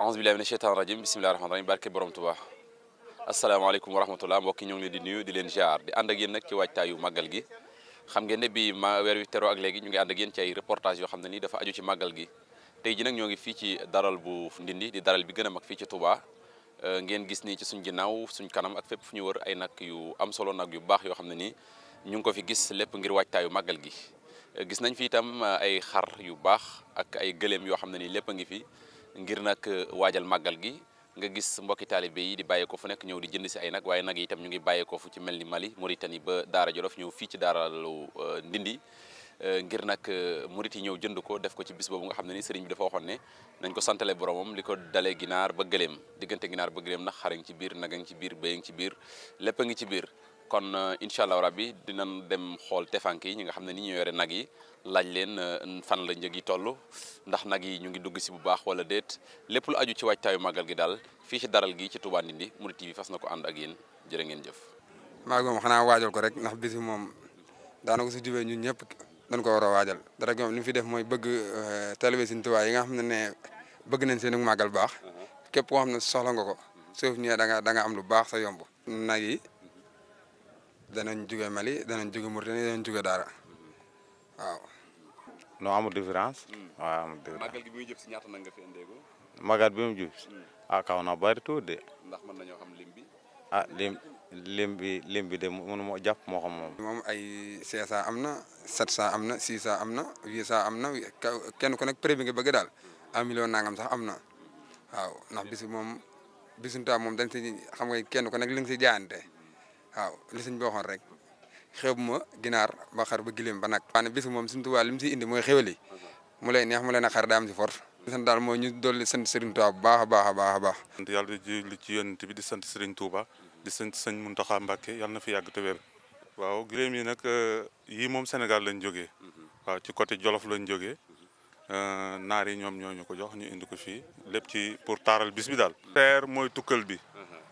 أعوذ بالله من الشيطان الرجيم بسم الله الرحمن الرحيم بارك بروم توبا السلام عليكم ورحمه الله مبارك نيو دي نيو دي لين جار دي اندك يين نك سي واتايو ماغال جي خم نغي نبي ما وير وي تيرو اك ليغي نيغي اندك يين سي ريبورتاج يو خامني دا فا اديو سي في سي دارال بو فنديني دي دارال بي غنا في سي توبا نغين غيس ني سي سون جيناو سون كانام اك يو ام سولو ناك باخ يو خامني ني في غيس ليب غير واتايو ماغال جي غيس في تام اي خار يو باخ اك اي گليم يو خامني ليب نغي في ngir nag euh, waajal màggal gi nga gis mbokki taalibe yi di bàyyeekoo fu nekk ñëw di jënd si ay nag waaye nag itam ñu ngi bàyyeeko fu ci mel ni Mali Mauritanie ba Daara Jolof ñëw fii ci Daara lu euh, Ndindi euh, ngir nag murit yi ñëw jënd ko def ko ci bis boobu nga xam ne ni sëriñ bi dafa waxoon ne nañ ko santale boromam li ko dalee ginaar ba gëléem diggante ginaar ba gëléem ndax xarañ ci biir naga ngi ci biir béy ngi ci biir lépp a ngi ci biir kon eh, inshallah allah rabbi dinañ dem xol tefanki yi ñi nga xamne ni ñu yoré nag yi laaj leen eh, fan la njëg tollu ndax nag yi ñu ngi dugg si bu baax wala deet lepp lu aju ci tayu magal gi dal fi ci daral gi ci Touba Ndindi Mouride TV fas nako and ak yeen jërë ngeen jëf. ma moom xana waajal ko rek ndax bis bi moom daanaka su jubee ñun ñëpp dañ ko wara a dara moom fi def moy bëgg eh, télévision Sëriñ yi nga xamne ne bëgg nañ seen magal baax uh-huh. kep ko xamne soxla nga ko suuf ñëwee da nga da nga am lu baax sa yomb nag yi danañ jugé Mali danañ jugé Mauritanie danañ jugé dara waaw. no amu différence. waaw hmm. amu différence magal gi bi muy jëf ci ñaata nag nga fi indeego. màggal bi mu jub si. Hmm. ah kaw na bari tu de. ndax man nañu xam limbi ah lim limbi limbi lim bi de mënu mo jàpp moo xam mom mom ay 500 amna 700 amna 600 amna 800 amna kenn ko nak prix nga bëgg dal 1 million nangam sax amna waaw ndax bisu mom bisunta mom dañ ci xam nga kenn ko nak li ngi ci jaayante waaw li señ bi waxoon rek xew ma ginaar ba xar ba gilim ba nag waane bisu moom suñu tuba lim si indi mooy xewali mu lay neex mu lay naqar daa am si for sant daal mooy ñu dolli sant Serigne tuba bu baax a baax a baax a baax sant yàlla ji li ci yonent bi di sant Serigne Touba di sant sëñ Mountakha Mbacké yàlla na fi yàgg te waaw gilim yi nag euh, yii moom Sénégal lañ jógee waaw ci côté Jolof lañ jógee euh, naar yi ñoom ñoo ñu ko jox ñu indi ko fii lépp ci pour taaral bis bi daal teer mooy tukkal bi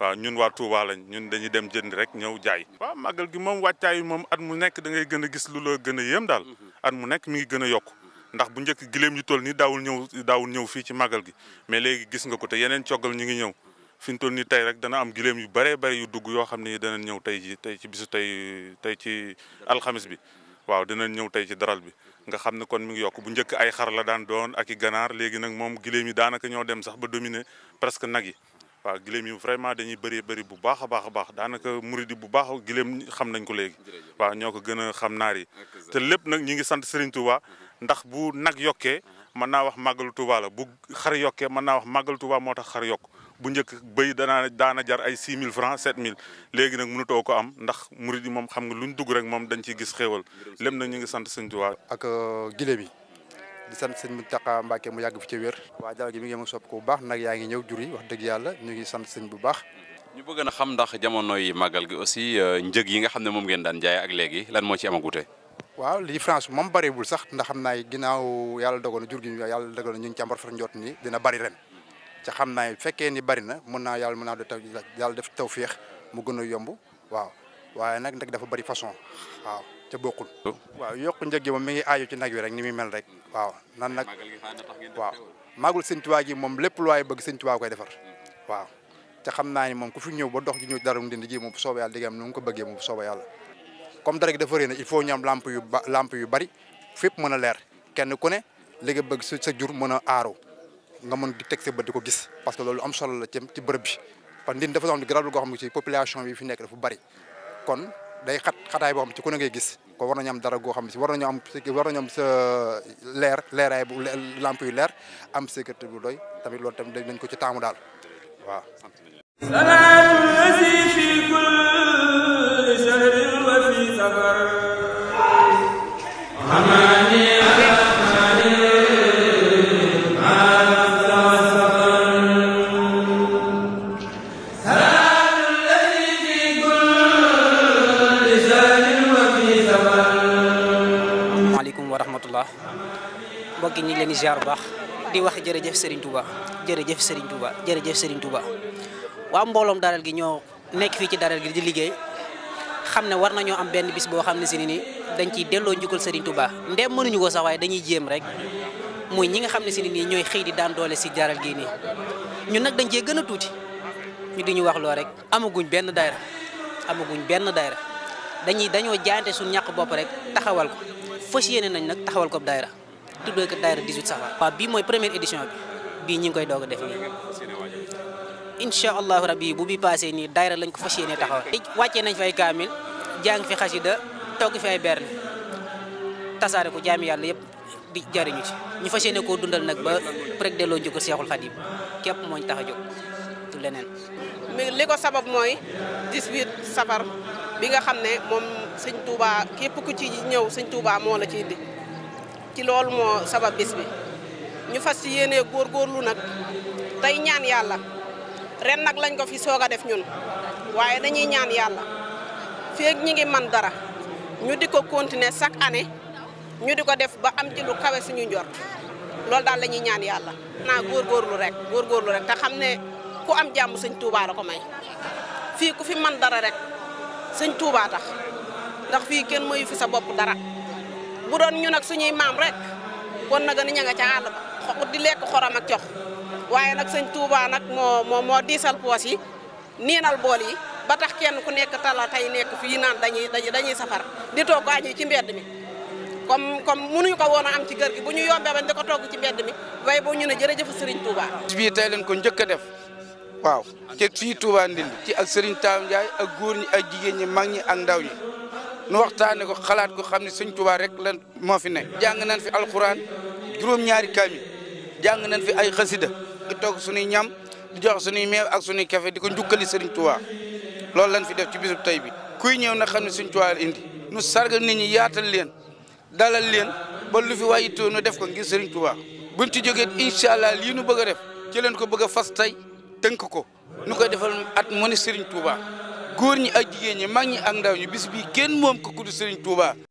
waaw ñun waa Touba ñun dañuy dem jënd rek ñëw jaay. waaw màggal gi moom caayi moom at mu nekk da ngay gën a gis lu la gën a yéem daal mhm. at mu nekk mi ngi gën a yokk ndax bu njëkk giléem yu toll nii daawul ñëw daawul ñëw fii ci màggal gi mais léegi gis nga ko te yeneen coggal ñu ngi ñëw fi ñu toll nii tey rek dana am giléem yu bëree bëri dugg yoo xam ne dana ñëw tey ji tey ci bisu tey tey ci alxamis bi waaw dinañ ñëw tey ci daral bi nga xam ne kon mi ngi yokk bu njëkk ay xar la daan doon ak i ganaar léegi nag moom giléem yi daanaka ñoo dem sax ba dominer presque nag yi waaw giléem yi vraiment dañuy bëri bari bu baax a baax a baax daanaka muridi bu baax giléem xam nañ ko léegi waaw ñoo ko gën a xam naari te lépp nag ñi ngi sant Serigne Touba mhm. ndax bu nag yokke mhm. mën naa wax màggalu Touba bu xar yokkee mën naa wax màggalu Touba moo tax xar yokk bu njëkk béy danaa daana jar ay 6000 francs 7000 mhm. léegi nag mënutoo ko am ndax murid yi moom xam nga luñ dugg rek moom dañ ciy gis xéewal lépp nag ñu ngi sant Serigne Touba ak euh, giléem yi di sant sëñ Mountakha Mbacké mu yàgg fi ci wér waa jaww ji mi ngi sopp ko bu baax nag yaa ngi ñëw jur wax dëgg yàlla ñu ngi sant sëñ bu baax ñu bëgg na xam ndax jamono yi màggal gi aussi euh, njëg yi nga xam ne moom ngeen daan jaay ak léegi lan moo ci amagute waaw li France moom bariwul sax ndax xam naa ginnaaw yàlla dogal na jur gi yàlla dogal na ñu ngi ci am ni dina bari ren ca xam naa fekkee ni bari na mën naa yàlla mën naa def taw yàlla def taw féex mu gën a yomb waaw waaye nag nag dafa bëri façon waaw te bokkul. Oh. waaw yokk njëg gi moom mi ngi aaju ci nag wi rek ni muy mel rek waaw nan nag waaw maagul sëñ Tuubaa gi moom lépp lu bëgg sëñ Tuubaa koy defar waaw te xam naa ni moom ku fi ñëw ba dox ji ñëw dara ndindi ji moom bu soobee nga am nu mu ko bëggee moom bu soobee yàlla comme dara gi dafa rëy na il faut ñu am lamp yu ba lamp yu bari fépp mën a leer kenn ku ne léegi nga bëgg sa jur mën a aaru nga mën di teg sa bët di ko gis parce que loolu am solo la ci ci bërëb bi parce que ndin dafa doon di garabu xam ne ci population bi fi nekk dafa bari kon day xat xataay boo xam ci ku ne ngay gis ko war nañu am dara goo xam si war nañu am war nañu am sa leer leeraay bu lamp yu leer am sécurité bu doy tamit lool tamit dañ ko ci taamu daal waaw mbokk yi ñu ngi leen di bu baax di wax jërëjëf Serigne Touba jërëjëf Serigne Touba jërëjëf Serigne Touba waa mbooloom daral gi ñoo nekk fii ci daral gi di liggéey xam ne war nañoo am benn bis boo xam ne si ni dañ ciy delloo njukkal Serigne Touba ndem mënuñu ko sax waaye dañuy jéem rek muy ñi nga xam ne si ni nii ñooy xëy di daan doole si daral gi nii ñun nag dañ cee gën a tuuti ñu di ñu wax loo rek amaguñ benn daayra amaguñ benn daayra dañuy dañoo jaante su ñàkk bopp rek taxawal ko nañ nag taxawal ko daayra tuddee ko daayira 18 safar waaw bii mooy première édition bi bii ñi ngi koy doog a def nii incha allahu rabbi bu bi passé nii daayira lañ ko fas yéene taxawal wàccee nañ fay kaamil jàng fi xasida togg fi ay berne tasaare ko jaami yàlla yëpp di jariñu ci ñu fas yéene koo dundal nag ba rek delloo njukkal Seexul Xadim képp mooñ tax a jóg du leneen li ko sabab mooy 18 safar bi nga xam ne moom sëñ Touba képp ku ci ñëw sëñ Touba moo la ci indi ci loolu moo sabab bis bi ñu fas si yéenee góor góorlu nag tey ñaan yàlla ren nag lañ ko fi soog a def ñun waaye dañuy ñaan yàlla feeg ñi ngi man dara ñu di ko continuer chaque année ñu di ko def ba am jilu lu kawe suñu njort loolu daal la ñaan yàlla naa góorgóorlu rek góorgóorlu rek te xam ne ku am jàmm sëñ Touba ko may fii ku fi man dara rek sëñ Touba tax ndax fii kenn mayu fi sa bopp dara bu doon ñu nag suñuy maam rek kon nag ni ña ca àll ba di lekk xorom ak jox waaye nag sëñ Touba nag moo moo moo diisal poos yi niinal bool yi ba tax kenn ku nekk tala tey nekk fii naan dañuy dañuy dañuy safar di togg añi ci mbedd mi. comme comme mënuñu ko woon a am ci kër gi bu ñu yombee bañ di ko togg ci mbedd mi waaye boo ñu ne jërëjëf Serigne Touba. bii tey leen ko njëkk a def waaw ci fii Touba Ndindi ci ak Serigne Taw Ndiaye ak góor ñi ak jigéen ñi mag ñi ak ndaw ñi. nu waxtaane ko xalaat ko xam ne sëñ Tuubaa rek lan moo fi nekk jàng nañ fi alxuraan juróom-ñaari kaamil jàng nañ fi ay xasida di toog suñuy ñam di jox suñuy meew ak suñuy café di ko njukkali sëriñ Tuubaa loolu lañ fi def ci bisub tey bi kuy ñëw na xam ne sëñ Tuubaa indi nu sargal nit ñi yaatal leen dalal leen ba lu fi waayitoo nu def ko ngir sëriñ bu buñ ci jógee incha allah lii nu bëgg a def ci ko bëgg a fas tey tënk ko nu koy defal at mu ne sëriñ Tuubaa góor ñi ak jigéen ñi mag ñi ak ndaw ñi bis bii kenn moom ko ku du Serigne Touba